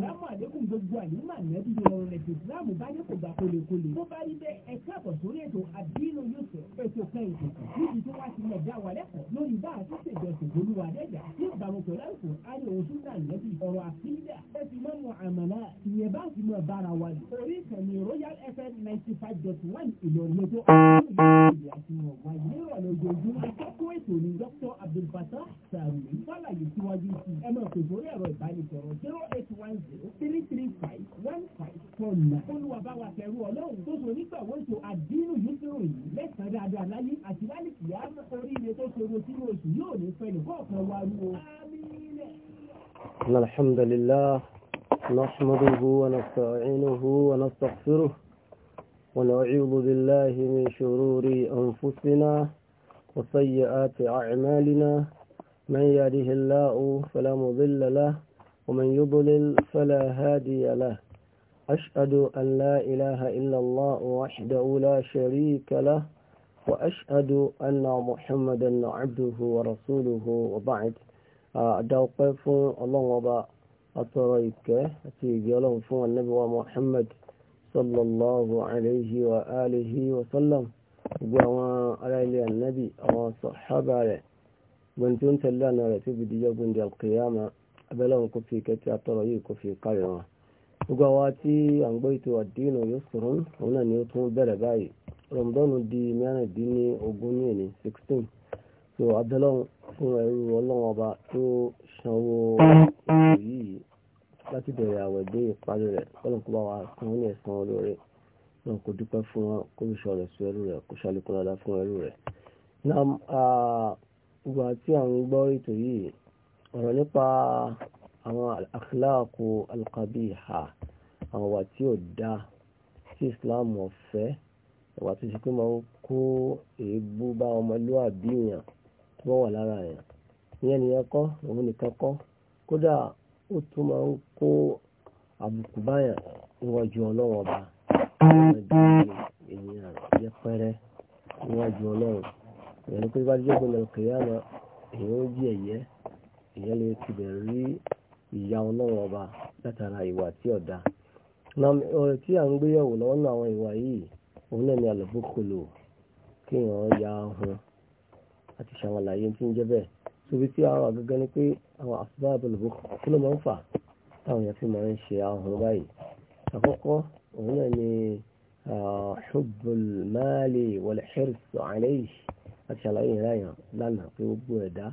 sàlámù àlékún gbogbo àyíká nẹ́bí ìrọ̀rùn ẹ̀sìn ìsìláàmù bá dé kò gbà kólekóle. tó bá rí bẹ́ẹ̀ ẹ káàbọ̀ sórí ètò àdínú yóò ètò kan ètò níbi tí wọ́n ti lọ dá wa lẹ́kọ̀ọ́ lórí bá a ti ṣèjọsìn olúwa dẹ́jà ní ìbámu pẹ̀lú àìsàn ayé òṣùn náà nẹ́bí ọ̀rọ̀ àfíìdà ẹ ti mọ́ mu àmàlà ìyẹn bá ti mọ̀ bára wa ni. orí ìkànnì royal fm ninety five dot one ìlọrin الحمد لله نحمده ونستعينه ونستغفره ونعوذ بالله من شرور أنفسنا وسيئات أعمالنا من يهده الله فلا مضل له ومن يضلل فلا هادي له أشهد أن لا إله إلا الله وحده لا شريك له وأشهد أن محمدا عبده ورسوله وبعد آه، أدعو الله وبعد àtọ̀rọ̀ ìkẹ́ àti ìgbé ọlọ́run fún ànábì wa Muhammad sallallahu alayhi wa alihi wa sallam gbogbo àwọn ará ilé ànábì àwọn sàhábà rẹ̀ gbọ̀ntí ó ń tẹ̀lé àná rẹ̀ tó bìdí yọ́gbìn di alkiyama abẹ́lẹ́wọ̀n kò fi ìkẹ́ tí yìí kò fi kárí wọn. gbogbo àwa tí à ń gbọ́ ètò àdínà yóò sọ̀rọ̀ òun náà ni ó tún bẹ̀rẹ̀ báyìí rọ̀mùdọ́nù di mẹ́rìndínlógún ní èní sixteen so abẹ́lẹ́wọ̀n fún ẹrú ọlọ́wọ́n ọba tó sanwó yìí láti bẹ̀rẹ̀ àwẹ̀ dé ìparí rẹ̀ kọ́lọ̀ kó bá wa san ní ẹ̀san olóore náà kó dúpẹ́ fún wọn kó fi ṣọ̀rọ̀ sí ẹrú rẹ̀ kó ṣàlékún dáadáa fún ẹrú rẹ̀. ìgbà tí à ń gbọ́ ètò yìí ọ̀rọ̀ nípa àwọn àkíláàkù alqabiha àwọn wà tí ò dá sí Islam ọ̀fẹ́ ẹ̀wà tó ṣe pé máa ń kó èébú bá ọmọlúwàbí èèyàn tó wà lára èèyàn ìyẹn nìyẹn kọ, òun nìkan kọ, kódà ó tún máa ń kó àbùkù báyà níwájú ọlọ́wọ́ ọba ènìyàn yẹpẹrẹ níwájú ọlọ́run ìyẹn ni pé bá jẹ́ gbọ́dọ̀ kìíyàmọ èèyàn ó jí ẹ̀yẹ ìyẹn lè tibẹ̀ rí ìyá ọlọ́run ọba látara ìwà tí ọ̀dà ọ̀rẹ́ tí à ń gbé yẹ̀wò lọ́wọ́ náà àwọn ìwà yìí òun náà ni àlọ́bùkù lò ya ahun àti àlàyé tí ń jẹ́ bẹ́ẹ̀ sobi tí àwọn àgẹ́gẹ́ ni pé àwọn asbabul bukhl kí ló máa ń fà táwọn èèyàn fi máa ń ṣe ahùn báyìí àkọ́kọ́ òun náà ni hubbul mali wal hirs alayhi àti ṣàlàyé ìráyàn lánàá pé gbogbo ẹ̀dá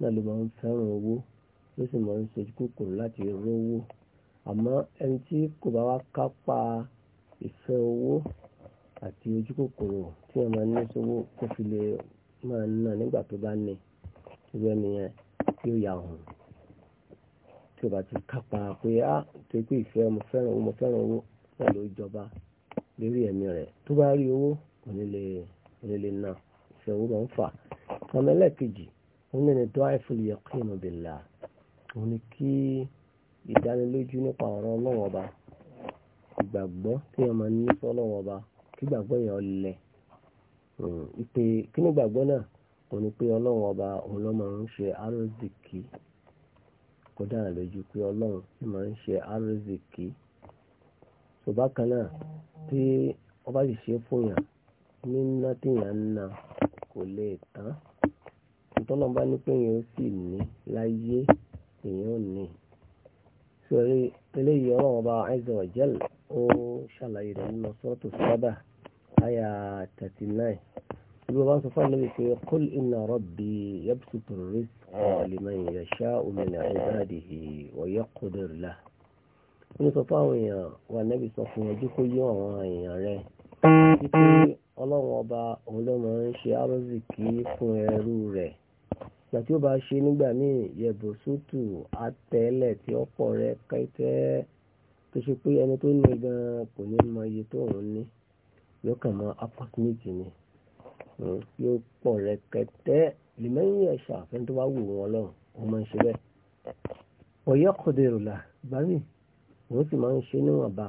náà ló máa ń fẹ́ràn owó ló sì máa ń sojú kòkòrò láti rówó àmọ́ ẹni tí kò bá wá kápá ìfẹ́ owó àti ojú kòkòrò tí wọ́n máa ní sówó kó fi lè máa ná nígbà tó bá ní irú ẹni yẹn yóò yà hùn tí o bá ti kápá pé á tó pé ìfẹ́ mo fẹ́ràn owó mo fẹ́ràn owó náà ló jọba lérí ẹ̀mí rẹ̀ tó bá rí owó onílé onílé náà ìfẹ́ owó máa ń fà ọmọ ẹlẹ́ẹ̀kejì òun ní tó àìfòlì yaqin billah òun ni kí ìdánilójú nípa ọ̀rọ̀ ọlọ́wọ́ ọba ìgbàgbọ́ tí wọ́n ní sọ́lọ́wọ́ ọba kí ìgbàgbọ́ yẹn lẹ̀ hmm, ìpè kí ní ìgbàgbọ́ náà onu ni pé ọlọ́run ọba òun ló máa ń ṣe árọ́zìkì kó dára lójú pé ọlọ́run máa ń ṣe bákan náà ọba sì ṣe fún yàn níná na kò lè tán ìtọ́nà bá ní pé èèyàn ó sì ní láyé èèyàn ò ní sórí eléyìí ọlọ́run ọba azza wa ó ṣàlàyé rẹ̀ الإمام سفيان النبي يقول قل إن ربي يبسط الرزق لمن يشاء من عباده ويقدر له ní sọ fáwọn èèyàn wà nẹ́bí sọ fún ojú kó yí àwọn èèyàn rẹ̀ títí ọlọ́run ọba òun ló máa ń ṣe árọ́sìkí fún ẹrú rẹ̀ ìgbà tí ó bá ṣe nígbà míì yẹ̀bù sútù àtẹ̀lẹ̀ tí ó pọ̀ rẹ̀ kẹ́tẹ́ tó ṣe pé ẹni tó ní gan kò ní mọ iye tó òun ní yóò kàn mọ apọ́tínìtì ni. Hmm, yóò pọ̀ rẹ̀kẹ̀tẹ́ lèmẹ́yìn ẹ̀ṣà àfẹ́ tó bá wù wọn lọ́rùn wọn máa ń ṣe bẹ́ẹ̀. ọ̀yẹ́ kọ̀dẹ̀rù là gbàmí wọ́n sì máa ń ṣe níwọ̀nba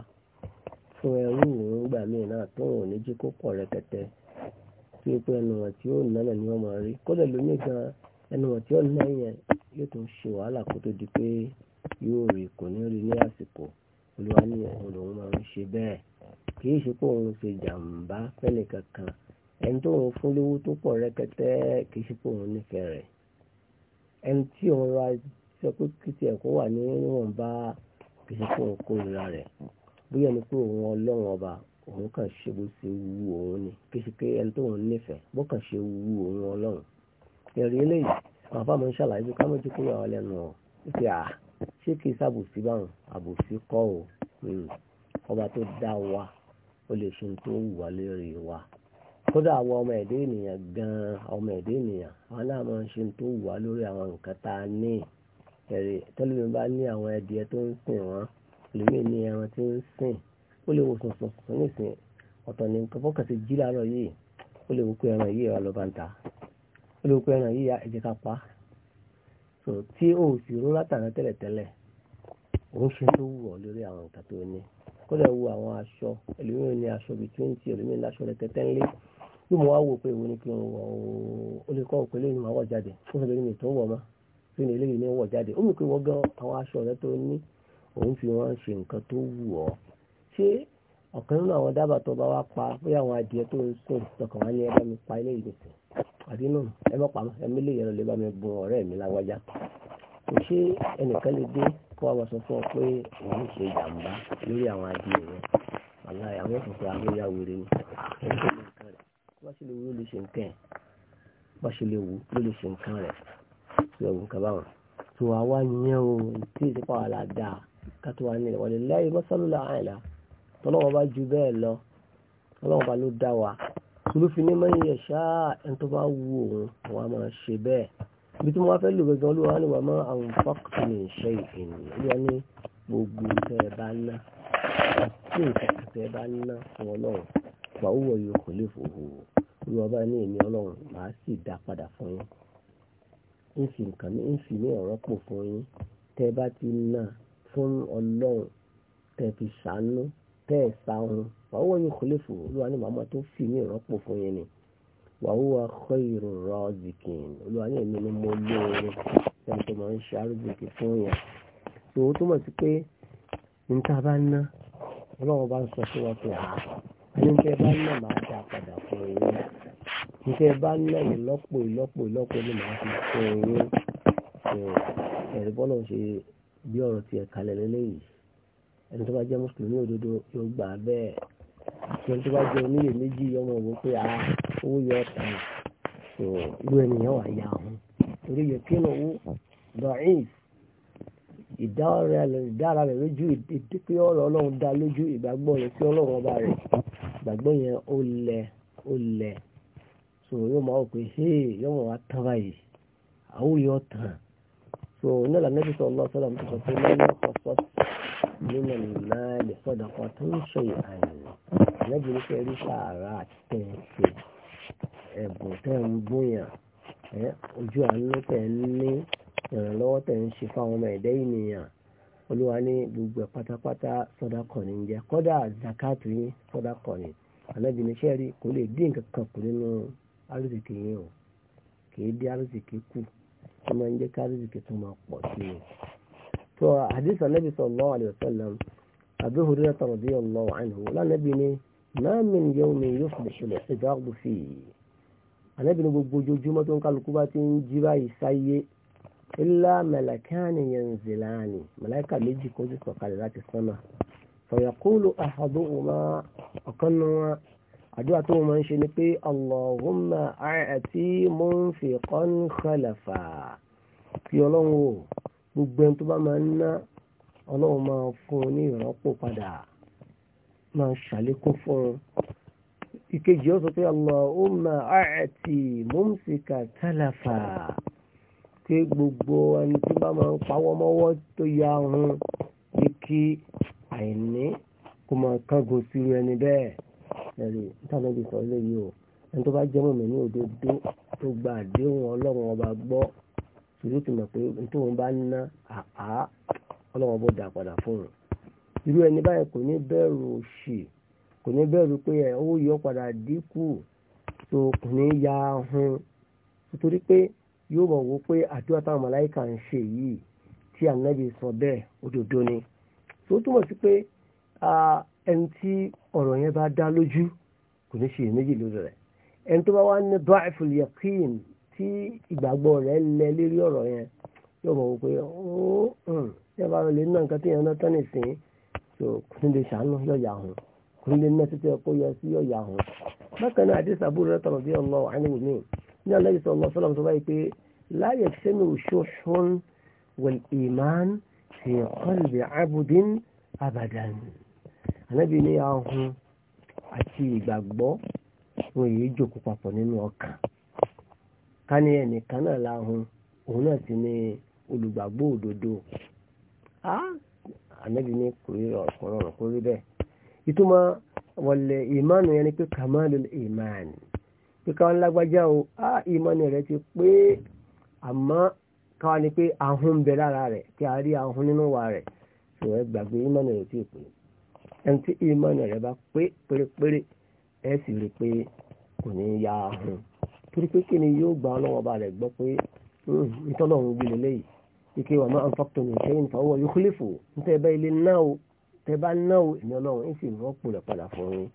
fún ẹrú òun gbà míì náà tó wọn ò ní jí kó pọ̀ rẹ̀kẹ̀tẹ́ tí ó pé ẹnu wọn tí ó nánà ni wọ́n máa rí kódà lómi gan ẹnu wọn tí ó ná yẹn yóò tún ṣe wàhálà kó tó di pé yóò rí kò ní rí ní àsìkò olúwa ní ẹ̀hún lòun máa ń ṣe bẹ́ẹ̀ kì í ṣe pé òun ṣe jàǹbá fẹ́nìkankan ẹni tó ń fún lówó tó pọ̀ rẹpẹtẹ kì í ṣe pé òun nífẹ̀ẹ́ rẹ̀ ẹni tí òun ra sọ pé kí tiẹ̀ kó wà ní níwọ̀nba kì í ṣe pé òun kórìíra rẹ̀ bóyá ni pé òun ọlọ́run ọba òun kàn ṣe bó ṣe wú òun ni kì í ṣe pé ẹni tó òun nífẹ̀ẹ́ bó kàn ṣe wú òun ọlọ́run ẹ̀rí eléyìí àwọn afáàmọ́ ń ṣàlàyé pé káwọn ti kúrò àwọn lẹ́nu ọ̀ pé ṣé kì í ṣàbòsí báwọn àbòsí kọ́ ò hmm. ọba tó dá wa ó lè ṣe ohun tó wù wá lórí wa kódà àwọn ọmọ ẹ̀dẹ́ ènìyàn gan-an ọmọ ẹ̀dẹ́ ènìyàn àwọn náà máa ń ṣe tó wà lórí àwọn nǹkan tá a ní ẹ̀rẹ̀ tẹ́lẹ̀mí bá ní àwọn ẹdìẹ tó ń sìn wọ́n lèmi ní ẹran tí ń sìn ó lè wo sùnsùn sùn nísìn ọ̀tọ̀ ní nǹkan fọ́kàn sí jí láàárọ̀ yìí ó lè wo pé ẹran yìí wà lọ́ba ń ta ó lè wo pé ẹran yìí ẹ̀jẹ̀ ká pa so tí o sì ró látàrán tẹ́lẹ̀tẹ́lẹ̀ ó ń ṣe tó wù ọ́ lórí àwọn nǹkan tó ní kódà wo àwọn aṣọ ẹlòmíràn ní aṣọ yóò m wá wò pé ìwé ni kí n wọ ó lè kọ́ òpin lẹ́yìn máa wọ̀ jáde fún ìbẹ̀rẹ̀ mi tó ń wọ̀ mọ́ kí ni eléyìí ni wọ̀ jáde ó mú pé wọ́n gan àwọn aṣọ rẹ tó ní òun fi wọn ṣe nǹkan tó wù ọ́ ṣé ọ̀kan nínú àwọn dábàá pa pé àwọn adìẹ tó ń sùn lọ́kàn wá ní ẹ bá mi pa eléyìí ẹ pa ẹ mi mi ọ̀rẹ́ mi láwájá kò ṣe ẹnìkan lè dé kó wa bá ṣe lè wú ló lè ṣe nǹkan ẹ̀ bá ṣe lè wú ló lè ṣe nǹkan rẹ̀ lọ nǹkan báwọn. tó àwa yẹn o tí ì sípa wàhálà dà ká tó wà nílẹ̀ wọlé lẹ́yìn mọ́sálùlá àìlá tọ́lọ́wọ́ bá ju bẹ́ẹ̀ lọ tọ́lọ́wọ́ bá ló dá wa olùfin ní mẹ́rin yẹ ṣáà ẹni tó bá wù òun àwọn a máa ṣe bẹ́ẹ̀ bí tí mo wá fẹ́ lò gbẹ̀gbẹ̀ olúwa ni wà máa àwọn fọ́ọ̀kì ní ìṣe ìpìnlẹ̀ olúwa ní gbogbo tẹ́ ẹ bá ná àti ìṣàkàtẹ́ ẹ bá ná olú ọba ní èmi ọlọ́run màá sì dá padà fún yín ń fi nǹkan mi ń fi ní ọ̀rọ̀ pò fún yín tẹ́ bá ti nà fún ọlọ́run tẹ́ fi ṣàánú tẹ́ ẹ̀ sáhun wàhùwà yóò kọ́lé fún olúwa ní màmá tó fi ní ọ̀rọ̀ pò fún yín ni wàhùwà khairu razikin olúwa ní èmi ni mo lóore ẹni tó máa ń ṣe arúgbìkì fún yẹn tó o túmọ̀ sí pé níta bá ná ọlọ́run bá ń sọ fún wa pé àá ẹni tẹ́ bá ná màá dá padà fún yín níṣẹ́ bá ná ìlọ́pọ̀ ìlọ́pọ̀ ìlọ́pọ̀ ní màá fi fún ẹ̀yìn ẹ̀rí bọ́lá ṣe bí ọ̀rọ̀ tiẹ̀ kalẹ̀ lélẹ́yìí ẹni tó bá jẹ́ mùsùlùmí òdodo yóò gbà bẹ́ẹ̀ ẹni tó bá jẹ́ oníyè méjì yọmọ wò pé a owó yọ ọ̀tà irú ènìyàn wà yà hàn torí yẹ kí ló wú dọ̀ín ìdára rẹ̀ lójú pé ọ̀rọ̀ ọlọ́run dá lójú ìgbàgbọ́ rẹ̀ sí ọlọ́run ọba rẹ̀ ìgbàgbọ́ yẹn ó lẹ̀ ó lẹ̀ so yóò máa wò pé hey yóò máa wá tán báyìí àwọn yóò tán so iná lànà ìbísọ̀ ọlọ́sọ́lá mi ti sọ pé lọ́nà ọ̀sọ́ nínú ìlà ilẹ̀ sọ́dọ̀ kan tó ń ṣe àyàn lẹ́bi ní fẹ́ẹ́ rí sàárà tẹ̀ ń ṣe ẹ̀bùn tẹ̀ ń bóyàn ojú àánú tẹ̀ ń ní ìrànlọ́wọ́ tẹ̀ ń ṣe fáwọn ọmọ ẹ̀dẹ́ ènìyàn olúwa ní gbogbo pátápátá sọ́dọ̀ ní jẹ́ kọ́dà zakatu yín sọ́dọ̀ ní àlẹ́bi ní fẹ́ẹ́ kò lè dín nǹkan kan kù nínú arzikì yẹn o kìí dé arzikì kù ó máa ń jẹ́ kí arzikì tó máa pọ̀ sí i. tó hadith anabi sallallahu alayhi wa sallam Abu Hurairah radiyallahu anhu lánàbí ni ma min yawmin yuflihu al-'ibadu fihi anabi ni gbogbo ojoojúmọ́ tó ń kálukú bá ti ń jí báyìí sáyé illa malakani yanzilani màláìka méjì kó sọ̀kalẹ̀ láti sánmà fa yaqulu ahaduhuma ọ̀kan náà àdúrà tó máa ń ṣe ni pé Allahumma a'ti munfiqan khalafa kí ọlọ́run o gbogbo ẹni tó bá máa ń ná ọlọ́run máa fún un ní ìrọ́pò padà máa ṣàlékún fún un ìkejì ó sọ pé Allahumma a'ti mumsika talafa pé gbogbo ẹni tó bá máa ń pawọ́ tó ya ọ̀run pé kí àìní kó máa kángun sí ẹni bẹ́ẹ̀ ẹ̀rí ìtànàbí sọ léyìí o ẹni tó bá jẹ́ mọ̀mí ní òdodo tó gba àdéhùn ọlọ́run ọba gbọ́ ìlú ti mọ̀ pé tó ń bá ná àá ọlọ́run bó dà padà fún un irú ẹni báyìí kò ní bẹ̀rù òṣì kò ní bẹ̀rù pé ẹ̀ ó yọ padà dínkù tó kò ní ya hun nítorí pé yóò mọ̀ wó pé àdúrà táwọn màláìkà ń ṣe yìí tí ànábì sọ bẹ́ẹ̀ òdodo ni tó túmọ̀ sí pé ẹni tí ọ̀rọ̀ yẹn bá dá lójú kò ní ṣe méjì lórí rẹ̀ ẹni tó bá wá ní da'ful yaqin tí ìgbàgbọ́ rẹ̀ lẹ lérí ọ̀rọ̀ yẹn yóò mọ̀ wípé ó ṣe bá rẹ̀ lé náà nǹkan tí yẹn náà tán nìsín so kò ní lè ṣàánú yọ̀yà hùn kò ní lè ná títí ẹ̀kọ́ yẹ sí yọ̀yà hùn. bákan náà àdìs àbúrò rẹ̀ tọ̀rọ̀ bí ọlọ́ àánìwò mi ní aláyé sọ ọlọ́ ànábì ní ahun àti ìgbàgbọ́ wọn èyí jókòó papọ̀ nínú ọkàn ká ẹnìkan náà láhun òun náà sì ní olùgbàgbọ́ òdodo ododo. ní kò rí ọ̀pọ̀lọ́ ọ̀rọ̀ kó rí bẹ́ẹ̀ ìtumọ̀ wọlé ìmánu yẹn ni pé kamalul ìmán pé káwọn lágbájá o á ìmánu rẹ ti pé àmọ́ káwọn ni pé ahun ń bẹ lára rẹ̀ kí a rí ahun nínú wa rẹ̀ ṣùgbọ́n gbàgbé ìmánu ti pè ẹni tí ìmọ̀nà rẹ̀ bá pé pérépéré ẹ sì rí pé kò ní ya ahun torí pé kí ni yóò gba ọlọ́wọ́ ba rẹ̀ gbọ́ pé hmm, ìtọ́lọ̀ ń gbin lélẹ́yìí ike wà máa ń fọ́pútọ̀ ní ìṣẹ́yìn nípa owó yóò kúlẹ̀ fò ń bá ilé náà tẹ́ bá náà ìní ọlọ́run ń sì rọ́pò rẹ̀ padà fún yín.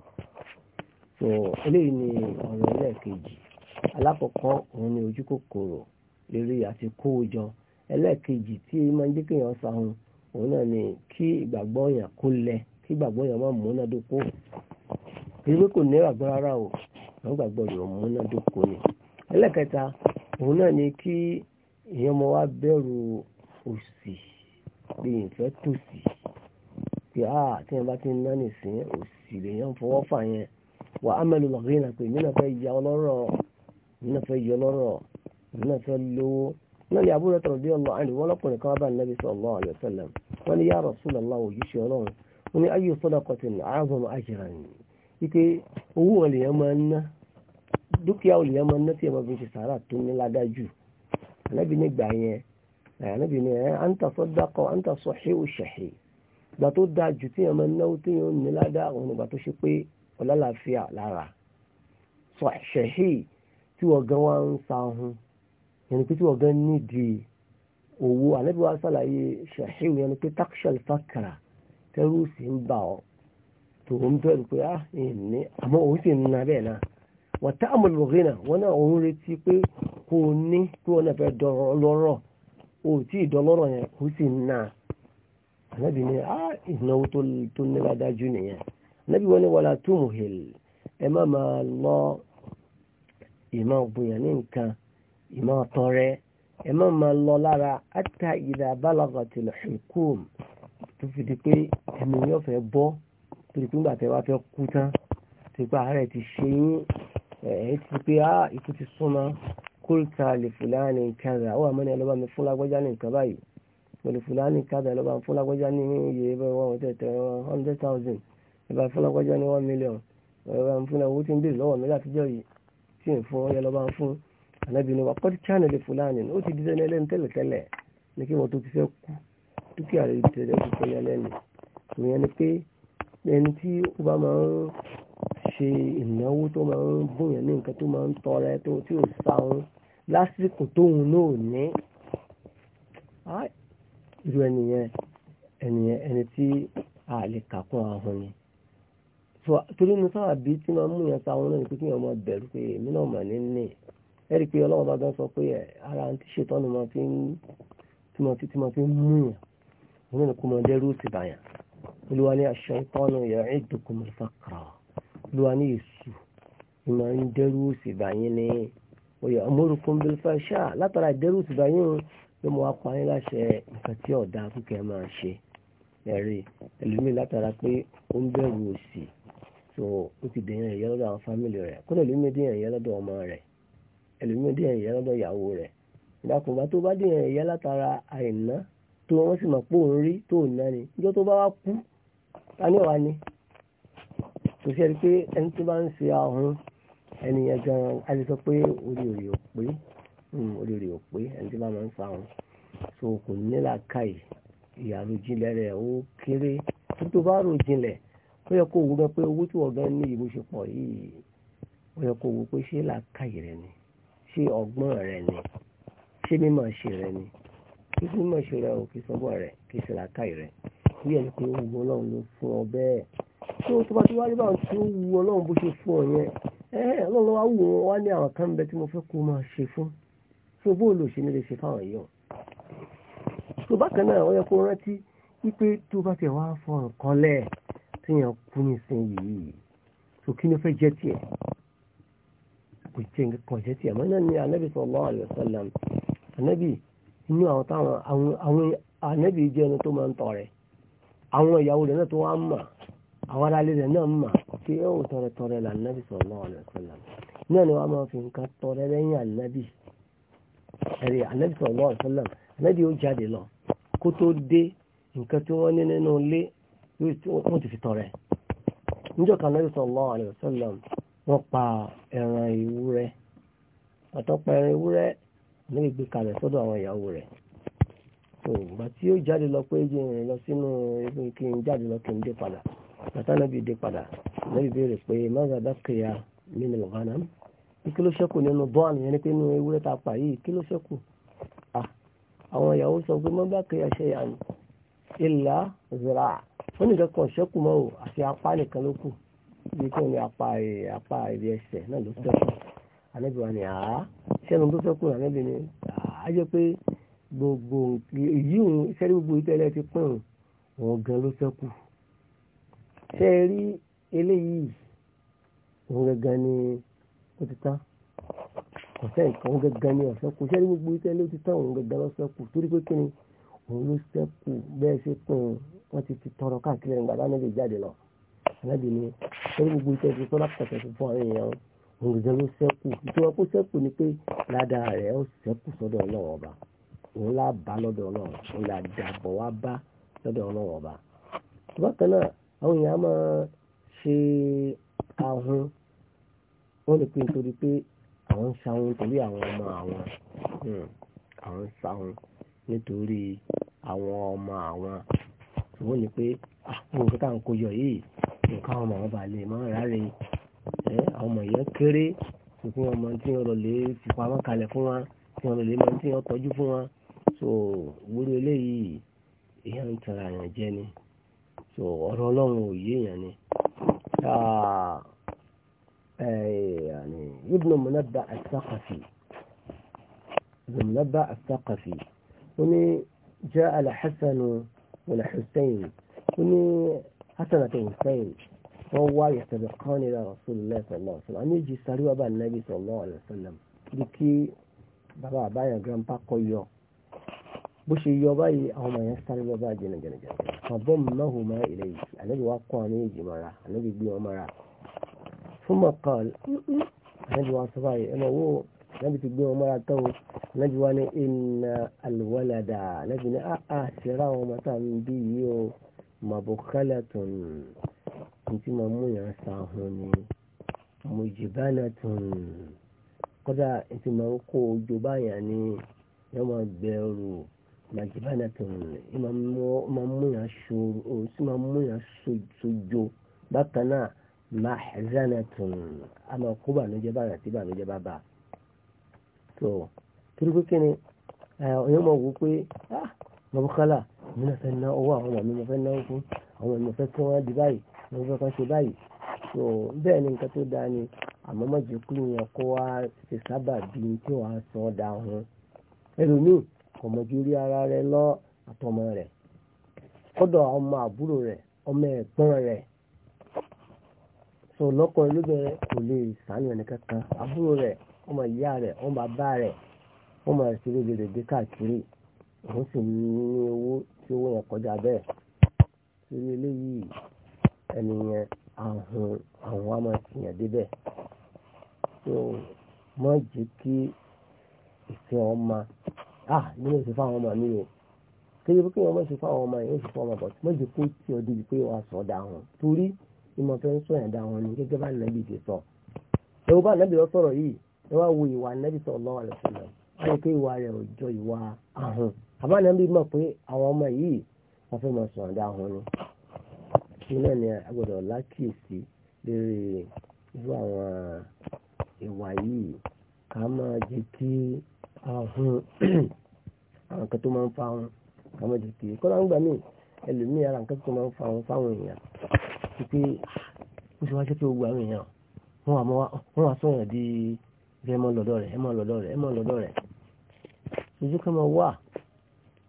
so eléyìí ni ọ̀rọ̀ ẹlẹ́ẹ̀kejì alákọ̀ọ́kọ́ òun ni ojú kòkòrò lérí àti kó o jọ ẹlẹ́ẹ̀kejì tí máa ń jẹ́ kéèyàn sahun òun náà ni kí ìgbàgbọ́ yàn kó lẹ̀ kí gbàgbọ́ yẹn máa múnádókó ìwé kò ní gbàgbọ́ rárá o àwọn gbàgbọ́ yẹn múnádókó ni ẹlẹ́kẹta òun náà ni kí èèyàn mọ wá bẹ̀rù òṣì pé ìfẹ́ pé a tí wọn bá ti ná nìsín òṣì lèèyàn fọwọ́ fà yẹn wà á mẹ́lò lọ́gẹ́ náà pé nínú fẹ́ ya ọlọ́rọ̀ nínú fẹ́ yọ ọlọ́rọ̀ fẹ́ lówó náà ni àbúrò tọ̀rọ̀ bí ọlọ́ àìní bá wọ́n ní ayé sadaqatin a'zama ajran ni wípé owó ọ̀lẹ́yàn máa ń ná dúkìá ọ̀lẹ́yàn máa ń ná tí ẹ̀mọ́ fi ṣe sàárà tó ní ládájú ànábì nígbà yẹn ànábì ní ẹ̀ anta sadaqa anta sahihu shahih ìgbà tó dáa jù tí ẹ̀mọ́ náwó tí yẹn ń ní ládá òun ìgbà tó ṣe pé ọ̀làlàáfíà lára ṣahih tí wọ́n gan wá ń sa ohun yẹni pé tí wọ́n gan nídìí owó ànábì wa sàlàyé ṣahih yẹni pé takshal fakra tẹ́rù sì ń bà ọ́ tó ń bẹ̀rù pé á ah, ní àmọ́ òun sì ń na bẹ́ẹ̀ náà wọ́n tá àmọ́ lòrì náà wọ́n náà òun retí pé kò ní kí wọ́n náà fẹ́ dọ̀rọ̀ lọ́rọ̀ ò tí ì dọ́lọ́rọ̀ yẹn kò sì ń na ànábì ni á ah, ìnáwó tó nílá dájú nìyẹn ànábì wọn ni wàlá túmùhìl ẹ má máa lọ ìmọ̀ gbìyàn ní nǹkan ìmọ̀ tọrẹ ẹ má máa lọ lára àtà ìdá bálàgàtìlẹ̀ hukum tó fi di pé ẹnu yóò fẹ́ bọ́ tó di pé ńgbà tẹ́ wá fẹ́ kú tán tó gba àárẹ̀ ti ṣe yín ẹ̀ ti pé á ikú ti súnmọ́ kúrìtà lè fúláàní kẹrẹ àwọn àmọ́ni ẹlọ́ba mi fún lágbájá ní nǹkan báyìí lè fúláàní kẹrẹ ẹlọ́ba fún lágbájá ní iye ẹgbẹ́ wọn ọ̀tẹ̀ tẹ̀ one hundred thousand ẹ̀bá fún lágbájá ní one million ẹ̀bá fún owó tí ń bèrè lọ́wọ́ mi látijọ́ yìí tí ń fún ẹlọ́ba fún ànábìnrin wa kọ́tí china lè fúláàní ó ti di sẹ́ni ẹlẹ́ni tẹ́lẹ̀tẹ́lẹ̀ ní kí wọ́n tó ti fẹ́ kú dúkìá rẹ̀ tẹ̀lé ti fẹ́ yálẹ́nu ìyẹn ni pé ẹni tí ó bá máa ń ṣe ìnáwó tó máa ń bùnyàn ní nǹkan tó máa ń tọrẹ tó tí ò sáhun lásìkò tóun náà ní irú ẹnìyẹn ẹnìyẹn ẹni tí a lè kàkún ahun ni torí inú sábà bíi tí máa ń múyàn sáhun náà ni pé kí èèyàn máa bẹ̀rù pé èmi náà mà ní ní ẹ rí i pé ọlọ́run bá gbọ́n sọ pé ara ti ṣètọ́nu máa fi fi ń múyàn wọn ni kò mọ dẹrú ti bàyàn olúwa ní aṣ-ṣaytanu ya'idukum al-faqra olúwa ní èṣù ni mà ń dẹrú ti bàyàn ní wa ya'murukum bil-fahsha látara dẹrú ti bàyàn ló mọ apá yín láṣẹ nǹkan tí ọ̀dà kúkẹ́ máa ṣe ẹ̀rí ẹlòmíì látara pé ó ń bẹ̀rù òṣì so ó ti dèyàn ìyá lọ́dọ̀ àwọn fámìlì rẹ̀ kó lè lómi dèyàn ìyá lọ́dọ̀ ọmọ rẹ̀ ẹlòmíì dèyàn ìyá lọ́dọ̀ ìyàwó rẹ̀ ìdàkùnbà tó bá dèyàn ìyá látara àìná tí wọ́n sì mọ̀ pé òun rí tó ná ni níjọ́ tó bá wá kú ta ní ọ̀wá ni kò sí ẹni pé ẹni tó bá ń ṣe ahun ẹnìyẹn gan-an a lè sọ pé orí òrì ò pé hmm, orí òrì ò pé ẹni tó bá máa ń fa ahun so kò ní làákàyè ìyàrá jinlẹ̀ rẹ̀ ó kéré tó bá rò jinlẹ̀ ó yẹ kó wú gan pé owó tí wọ́n gan ní ìbò ṣe pọ̀ yìí ó yẹ kó wú pé ṣé làákàyè rẹ̀ ni ṣé ọgbọ́n rẹ̀ ni ṣé mímọ̀ ṣe rẹ̀ ni kí sí mọ̀ ìṣòro ẹ̀ o kí sọ́bọ̀ rẹ̀ kí sí làákàyè rẹ̀ bí ẹni pé ó wu ọlọ́run ló fún ọ bẹ́ẹ̀ tó tó bá ti wá rí báwọn tí ó wu ọlọ́run bó ṣe fún ọ yẹn ẹ ọlọ́run wá wù wọn wá ní àwọn kan bẹ tí mo fẹ́ kó máa ṣe fún tó bó lò ṣe ní lè ṣe fáwọn yìí o tó bákan náà ó kó rántí wípé tó bá ti wá fọ nǹkan lẹ̀ téèyàn kú nísìnyìí tó kí ni ó fẹ́ jẹ́ tiẹ̀ kò jẹ́ nǹkan jẹ́ tiẹ̀ mọ́ náà ni anábì sallallahu alaihi wasallam anábì inú àwọn táwọn àwọn ànẹ́bì jẹ́ ẹni tó máa ń tọ̀ rẹ̀ àwọn ìyàwó rẹ̀ náà tó wá ń mà àwọn aráalé rẹ̀ náà ń mà pé ó tọrẹ tọrẹ là ànẹ́bì sallallahu alaihi wasallam náà ni wọ́n máa fi nǹkan tọrẹ lẹ́yìn ànẹ́bì ẹ̀rí ànẹ́bì sallallahu alaihi wasallam ànẹ́bì ó jáde lọ kó tó dé nǹkan tí wọ́n ní nínú ilé wọ́n ti fi tọrẹ níjọ́ kan ànẹ́bì sallallahu alaihi wasallam wọ́n pa ẹran ewúrẹ́ àtọ́pa níbi gbé kalẹ̀ sọ́dọ̀ àwọn ìyàwó rẹ̀ so ìgbà tí ó jáde lọ pé jẹ́ ìrìn lọ sínú ebi kí n jáde lọ kí n dé padà bàtà náà bí dé padà lẹ́bi béèrè pé mọ́gà dákìyà nínú ìlànà kí ló ṣẹ́kù nínú bọ́ọ̀lù yẹn ni pé inú ewúrẹ́ ta pa yìí kí ló ṣẹ́kù àwọn ìyàwó sọ pé mọ́gà kìyà ṣe yà ní ìlà zira ó nìkan kan ṣẹ́kù mọ́ o àti apá nìkan ló kù bí kí ni apá ibi ẹsẹ̀ náà ló ṣẹ́kù àlejò wa sẹ́nu tó fẹ́ kúrò ànábì ni á jẹ́ pé gbogbo èyí òun sẹ́rí gbogbo ìtẹ́lẹ̀ ti pín òun òun gan ló fẹ́ kù ṣe é rí eléyìí òun gangan ni ó ti tán ọ̀sẹ̀ nǹkan òun gangan ni ọ̀sẹ̀ kù sẹ́rí gbogbo ìtẹ́lẹ̀ ó ti tán òun gangan ló fẹ́ kù torí pé kí ni òun ló fẹ́ kù bẹ́ẹ̀ ṣe pín wọ́n ti fi tọrọ káàkiri nígbà bá náà lè jáde lọ ànábì ni sẹ́rí gbogbo ìtẹ́lẹ̀ ti tọ́lá pẹ̀tẹ̀ òun gan ló sẹ́kù ìtura kó sẹ́kù ni pé ládàá rẹ̀ ó sẹ́kù sọ́dọ̀ ọlọ́run ọba òun là bá lọ́dọ̀ ọlọ́run òun là dàbọ̀ wá bá lọ́dọ̀ ọlọ́run ọba. bákan náà àwọn èèyàn máa ṣe ahun wọ́n lè pè nítorí pé àwọn ń sahun nítorí àwọn ọmọ àwọn hmm, àwọn ń sahun nítorí àwọn ọmọ àwọn wọ́n lè pé àwọn ah, nǹkan ń kó yọ yìí nǹkan ọmọ wọn lè máa rárẹ̀ yìí àwọn ọmọ èèyàn kéré kò tí tí wọn lọ lè fi pamọ́ fún wa tí wọn lọ lè mọ tí wọn tọ́jú fún wa so wúlò eléyìí èèyàn ń tara àyàn jẹ ni so ọ̀rọ̀ ọlọ́run ò yé èèyàn ni. Ibn Munabba As-Saqafi Ibn Munabba As-Saqafi ó ní jẹ́ al-Hasan wal-Husayn ó ní Hasan àti Husayn wọ́n wá ìṣẹ̀lẹ̀ kan ní rasulullah sallallahu alaihi wasallam méjì sáré wà bá nàbí sallallahu alaihi wasallam bí kí bàbá àbáyàn grandpa kọ yọ bó ṣe yọ báyìí àwọn ọmọ yẹn sáré bàbá jẹnà jẹnà jẹnà àbọ̀ mọ́hùn mọ́ ilẹ̀ yìí ànábì wá kọ́ àwọn méjì mọ́ra ànábì gbé wọn mọ́ra fún mọ̀kàn ànábì wá sọ báyìí ẹ̀ mọ̀ wó ànábì ti gbé wọn mọ́ra tán ànábì wá ní ìnà àlùwálàdà ànábì ní àà ṣẹ̀rá àwọn ọmọ ntí máa mú yàn sa ahun ni mojibana tún kódà ntí máa ń kó ojú báyà ni yóò máa gbẹrù mojibana tún yóò máa mú yàn sòrò ó sì máa mú yàn sojo bákan náà mahzana tún a máa kó bànújẹ́ báyà tí bànújẹ́ bá bá tó torí pé kíni ọ̀yọ́ máa wò pé ah mọ̀bùkálà mi náà fẹ́ ná owó àwọn ọmọ mi mo fẹ́ náwó fún àwọn ọmọ mi mo fẹ́ kí wọ́n di báyìí. wọ́n fẹ́ kàn ṣe báyìí so bẹ́ẹ̀ ni nǹkan tó dáa ni àmọ́ mọ̀jẹ̀ kú yẹn kó wá ṣe sábà tí sọ ọ́ da ọ̀hún ẹlòmíì ọmọdé rí ara rẹ lọ àtọmọ rẹ kọ́dọ̀ ọmọ àbúrò rẹ ọmọ ẹ̀gbọ́n rẹ so nọkọ kò lè ẹni kankan àbúrò rẹ ọmọ ìyá rẹ ọmọ bàbá rẹ ọmọ ìṣeré káàkiri òun sì ní owó tí owó yẹn kọjá bẹ́ẹ̀ eléyìí ẹni yẹn àhùn àwọn àmọ́ tìyàn débẹ̀ so mọ́ jẹ́ kí ìfẹ́ ọmọ ah nínú ìfẹ́ fáwọn ọmọ mi o kéde pé wọ́n mọ̀ sí fáwọn ọmọ yẹn ó sì fọ́ ọmọ bọ̀tí mọ́ jẹ́ kó tí ọ débi pé wọ́n sọ dà wọn torí ìmọ̀ fẹ́ ń sọ yàn dà wọn ni gẹ́gẹ́ bá nàbì ti sọ ẹ wo bá nàbì lọ sọ̀rọ̀ yìí ẹ wá wo ìwà nàbì sallallahu alaihi wasallam báyìí pé ìwà rẹ̀ ò jọ ìwà àhùn àbá nàbì mọ̀ pé àwọn ọmọ yìí wọ́n fẹ́ mọ̀ sọ̀rọ̀ dà wọn náà ni a gbọ́dọ̀ lákìsí lérí irú àwọn ìwà yìí ká máa jẹ́ kí ahun àwọn kan tó máa ń fa ahun ká máa jẹ́ kí kọ́lá ń gbà mí ẹlòmíì ara nǹkan tó máa ń fa ahun fáwọn èèyàn pé ó ṣe wá ṣe pé gbogbo àwọn èèyàn wọ́n wà wọ́n wà di ẹ mọ́ lọ́dọ̀ rẹ̀ ẹ mọ́ lọ́dọ̀ rẹ̀ ẹ mọ́ lọ́dọ̀ rẹ̀ ojú kan máa wà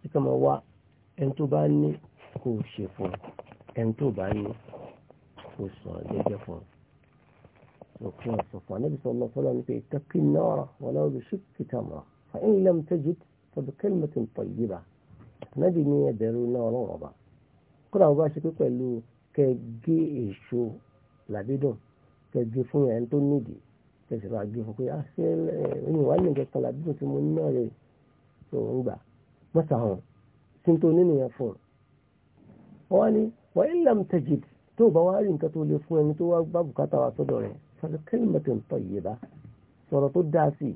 ojú máa wà ẹni tó bá ní kò ṣe fún un ẹni tó bá ní kò sọ jẹ́jẹ́ fún un òkú ọ̀sán fún anábì sallallahu alaihi wasallam pé ittaqi an-nara walau bi shiqqi tamra fa in lam tajid fa bi kalimatin tayyiba anábì ní ẹbẹ̀rù náà ọlọ́run ọba kódà wọ́n bá ṣe pé pẹ̀lú kẹ gé èso làbídùn kẹ fún ẹni tó nídìí kẹ sì gé fún pé àṣẹ ah, ẹ̀yìn wà ní ìjọba làbídùn tí mo ní náà rẹ̀ tó ń gbà mọ́tà hàn tí n tó nínú yẹn fún un. wọ́n ní wọ́n ń lam tajid tó bá wá rí nǹkan tó lè fún ẹni tó wá bá bùkátà wá sọ́dọ̀ rẹ̀ fẹ́rẹ́ kẹ́lìmọ̀tì tayyiba sọ̀rọ̀ tó dáa sí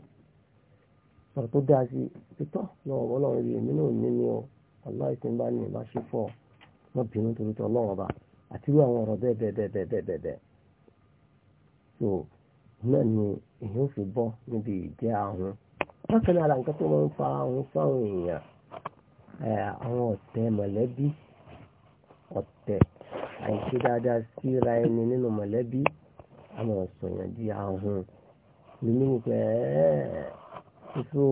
sọ̀rọ̀ tó dáa sí pítọ́ lọ́wọ́ ọlọ́run rí èmi náà ní ní ọ aláì tí ń bá ní ìbá ṣe fọ́ wọn bínú torí tọ́ ọlọ́run ọba àti irú àwọn ọ̀rọ̀ bẹ́ẹ̀ bẹ́ẹ̀ bẹ́ẹ̀ bẹ́ẹ̀ bẹ́ẹ̀ bẹ́ẹ̀ so náà ni èyí ń fi bọ́ níbi ìjẹ́ ahun bákan náà nǹkan tó máa ń fa ahun fáwọn èèyàn àwọn ọ̀tẹ̀ mọ̀lẹ́bí ọ̀tẹ̀ àìṣe dáadáa síra ẹni nínú mọ̀lẹ́bí àmọ́ sọ̀yàn di ahun lèmi ní pé ṣíṣú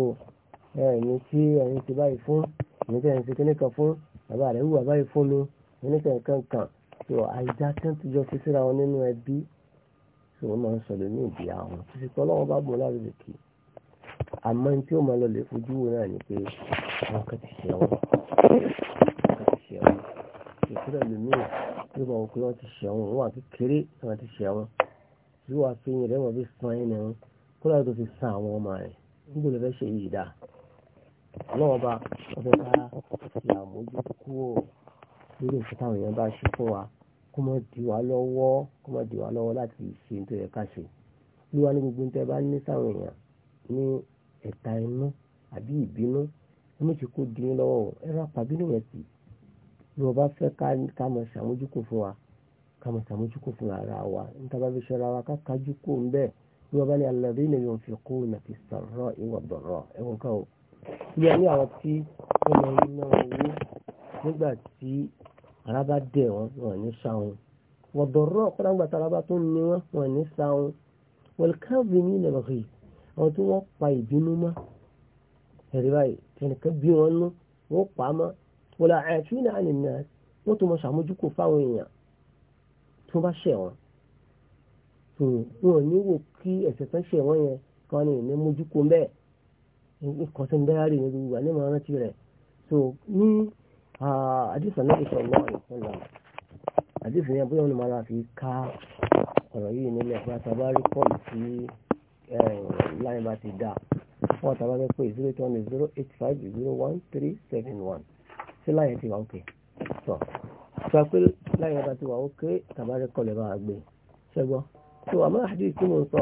ẹni tí ẹni ti báyìí fún ẹni tí ẹni ti kíní kan fún bàbá rẹ̀ wùwà báyìí fún mi ẹni tí ẹnìkan kan tó àìdá tí wọ́n ti jọ ṣe síra wọn nínú ẹbí tó máa ń sọ̀rọ̀ ní ìdí ahun tó sì kọ́ lọ́wọ́ bá bùn láti lè kì í àmọ́ ní tí ó máa lọ lè fojú wò náà ni pé àwọn kan ti ṣe wọn kúrẹ̀ lómìn tí wọ́n kú wọ́n ti ṣẹ̀wọ̀n wọ́n wà kékeré wọ́n ti ṣẹ̀wọ̀n tí wọ́n fi yìn rẹ̀ wọ́n fi san ẹni wọn kúrẹ̀ tó fi san àwọn ọmọ rẹ̀ níbo lè fẹ́ ṣe yìí dá ọlọ́wọ́ bá wọ́n fẹ́ bá ìyàmójú kúrò lórí nǹkan táwọn èèyàn bá ṣe fún wa kó má di wá lọ́wọ́ kó má di wá lọ́wọ́ láti ṣe tó yẹ ká ṣe wíwá ní gbogbo tẹ bá ní sáwọn èèyàn ní ẹ̀ta inú àbí ìbínú ẹ méjì kó dín lọ́wọ́ ẹ rà pàbínú yẹn bí wọ́n bá fẹ́ ká mọ̀ ṣàmójúkò fún wa ká mọ̀ ṣàmójúkò fún ara wa níta bá fi ṣọ́ra wa ká kájú kò ń bẹ́ẹ̀ bí wọ́n bá ní alladhina yunfiquna fi sarra'i wa dharra'i ẹ̀wọ̀n kan o. ilé ní àwọn tí wọ́n máa ń ná owó nígbà tí ara bá dẹ̀ wọ́n wọ́n ní sáwọn wa dharra'i kọ́dà ńgbà tára bá tún ní wọ́n wọ́n ní sáwọn wọ́n pa bí wọn nú wọ́n pa wọ́lá àìfínà ànìyàn wọ́n tó mọ ṣàmójúkò fáwọn èèyàn tó bá ṣẹ̀ wọ́n hmm, wọn ní wò kí ẹ̀sẹ̀ tán ṣẹ̀ wọ́n yẹn kan ní ìní mójúkò ń bẹ́ẹ̀ ìkọ̀sẹ̀ ń bẹ́ẹ̀ rí ní gbogbo àní máa rántí rẹ̀ so ní àdìsàn náà ìṣọ̀ lọ́wọ́ ìṣọ̀lá àdìsàn yẹn bóyá wọn máa la fi ká ọ̀rọ̀ yìí nílẹ̀ fún àtàbárí pọ́ọ̀lù tí láyé ti dá fún àtàbárí pé zero two one zero eight five zero one three seven one ṣé láyé ti wà òkè tọ́ sọ pé láyé bá ti wà òkè tàbárẹ́ kọlẹ̀ bá gbé ṣẹ́gbọ́n tó àmọ́ àdìrí tí mo ń sọ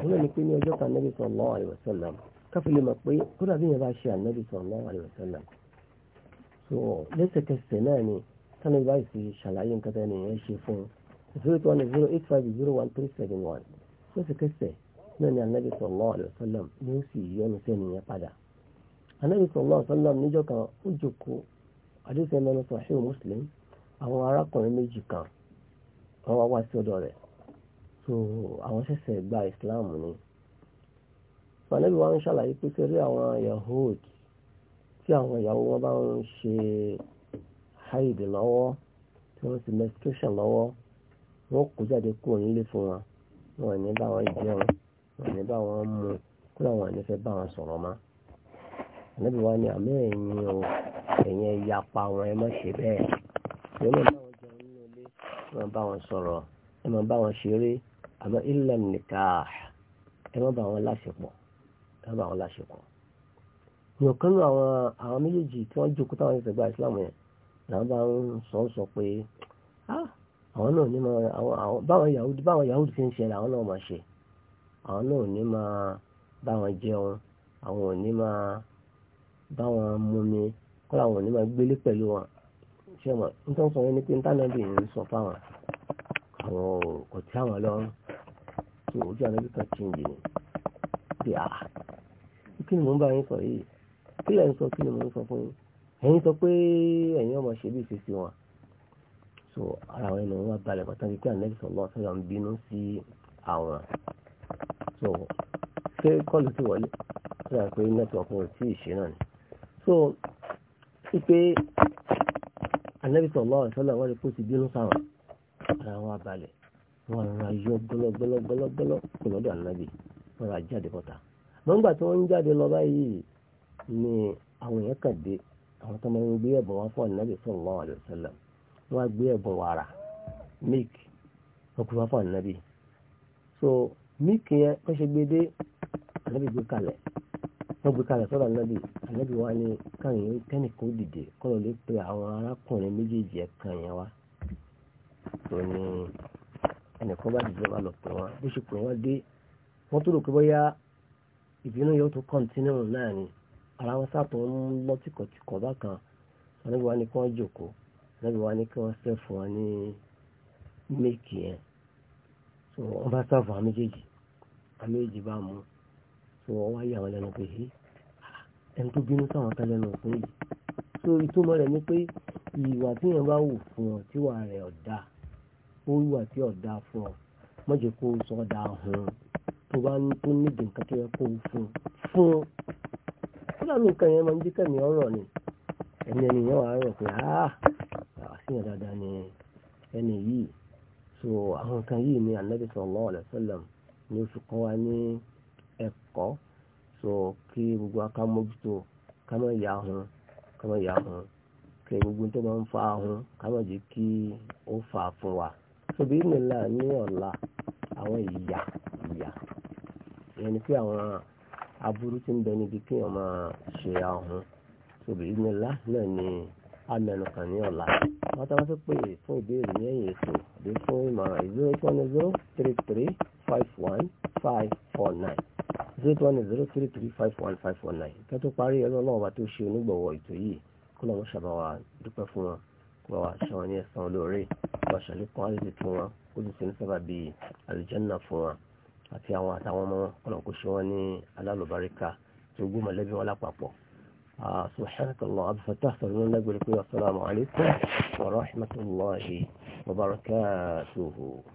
òun náà ni pé ní ọjọ́ kan nẹ́bí sallallahu alaihi wasallam káfílẹ̀ mọ̀ pé kódà bí yẹn bá ṣe ànẹ́bí sallallahu alaihi wasallam so lẹ́sẹ̀kẹsẹ̀ náà ni tánà bá sì ṣàlàyé nǹkan tẹ́ ni ẹ̀ ṣe fún zero two one zero eight five zero one three seven one lẹ́sẹ̀kẹsẹ̀ náà ni ànẹ́bí sallallahu alaihi wasallam ni ó sì yọnu sẹ́ni yẹn padà ànẹ́bí sallallahu alaihi wasallam níjọ́ kan ó jókòó àdéhùn ẹ̀mẹ́nu sọ̀ṣẹ́ muslim àwọn arákùnrin méjì kan wọ́n wá wá sí ọ̀dọ̀ rẹ̀ so àwọn ṣẹ̀ṣẹ̀ gba islam ni pàlẹ́bí wa ń ṣàlàyé pé kéré àwọn yahood tí àwọn ìyàwó wọn bá ń ṣe haid lọ́wọ́ tí wọ́n ti menstruation lọ́wọ́ wọ́n kó jáde kúrò nílé fún wa wọn ò ní bá wọn jẹun wọn ò ní bá wọn mu kúrò àwọn ò ní fẹ́ bá wọn sọ̀rọ̀ máa ànábì wa ni àmọ́ ẹ̀yin o ẹ̀yin ẹ̀yà pa wọn ẹ má ṣe bẹ́ẹ̀ ẹ má bá wọn jẹun nínú ilé ẹ má bá wọn sọ̀rọ̀ ẹ má bá wọn ṣeré àmọ́ ilẹ̀ nìkan ẹ má bá wọn láṣepọ̀ ẹ má bá wọn láṣepọ̀ ní ọ̀kan nínú àwọn àwọn méjèèjì tí wọ́n jókòó táwọn ẹ̀sẹ̀ gba ìsìlámù yẹn làwọn bá ń sọ sọ pé àwọn náà ní báwọn Yahudi báwọn Yahudi ti ń ṣe àwọn náà máa ṣe àwọn náà ní máa báwọn jẹun àwọn ò ní máa bá wọn mú mi kó làwọn ò ní máa gbélé pẹ̀lú wọn ṣé wọn n tó ń sọ wọn ní pé ntánàbì ń sọ fáwọn àwọn kò tí àwọn lọ́rùn tó ojú ànábì kan ti ń jì ní bí a kí ni mò ń bá yín sọ yìí kí lẹ̀ sọ kí ni mò ń sọ fún yín ẹ̀yin sọ pé ẹ̀yin ọmọ ṣe bí ìṣesí wọn so ara àwọn ẹni wọn balẹ̀ pàtàkì pé ànábì sallallahu alaihi wasallam ń bínú sí àwọn so ṣé kọ́ọ̀lù ti wọlé ṣé àpé nẹ́tíwọ̀kì ò tí ì ṣe náà ni. so ipe anabi sallallahu alaihi wasallam wọn rí kó ara wọn abalẹ̀ wọn rà yọ gbọlọgbọlọgbọlọ kò lọ́dọ̀ anabi wọn rà jáde bọta mọ̀ngbà tí wọ́n ń jáde lọ báyìí ni àwọn èèyàn kàn dé àwọn tó máa ń gbé ẹ̀bùn wá fún anabi sallallahu alaihi wasallam wọn á gbé ara wọn kò wá anabi so mik yẹn wọ́n ṣe gbé dé anabi wọ́n gbé kalẹ̀ sọ́dọ̀ anábì anábì wa ni káyọ̀ kẹ́nìkan ó dìde kọ́lọ̀ lè pe àwọn arákùnrin méjèèjì ẹ̀kan yẹn wá tó ní ẹnìkan bá dìde wá lọ pè wọ́n bó ṣe pè wọ́n dé wọ́n tó rò pé bóyá ìbínú yóò tó kọ́ńtínú náà ni ara wọn sàtọ̀ ń lọ tìkọ̀tìkọ̀ bákan anábì wa ni kí wọ́n jòkó anábì wa ni kí wọ́n sẹ́ fún wọn ní méèkì yẹn so wọ́n bá sáfù àwọn méjèèjì àwọn méjèèjì bá mú so wọ́n wá yà wọ́n pé ẹni tó bínú sáwọn so ìtumọ̀ rẹ̀ ni pé ìwà tí yẹn bá wù fún ọ rẹ̀ ọ̀dà ó tí ọ̀dà fún o sọ ọ̀dà ọ̀hún tó bá ní tó nǹkan tó yẹ kó o fún fún fúlàní nǹkan yẹn máa ń díkẹ́ ní ọ̀rọ̀ ni ẹni ẹni yẹn wàá rọ̀ pé so àwọn kan yìí ni ẹkọ so kí gbogbo aka mójútó ká má ya ahun ká má kí gbogbo tó máa ń fa ahun kí ó fà fún wa so nílà ní ọ̀la àwọn ìyà ìyà ẹni àwọn aburú ti ń bẹ níbi kí wọ́n máa ṣe ahun tóbi nílà náà ni amẹnu kan ní ọ̀la wọ́n tẹ́wọ́n pè fún ìbéèrè ní ẹ̀yìn ètò zero one zero three three five one five one nine kẹ́ tó parí ẹ̀rọ ọlọ́run ọba tó ṣe onígbọ̀wọ́ ètò yìí kó lọ́wọ́ ṣàbáwá dúpẹ́ fún wọn kó wá ṣe wọn ní ẹ̀san olóore kó wá ṣàlékún àlejò fún wọn kó sì ṣe ní sábà bíi àlùjánnà fún wọn àti àwọn àtàwọn ọmọ wọn kó kó ṣe wọn ní alálùbáríkà tó gbó mọ̀lẹ́bí wọn lápapọ̀ سبحانك الله عبد الفتاح صلى الله عليه وسلم ورحمة الله وبركاته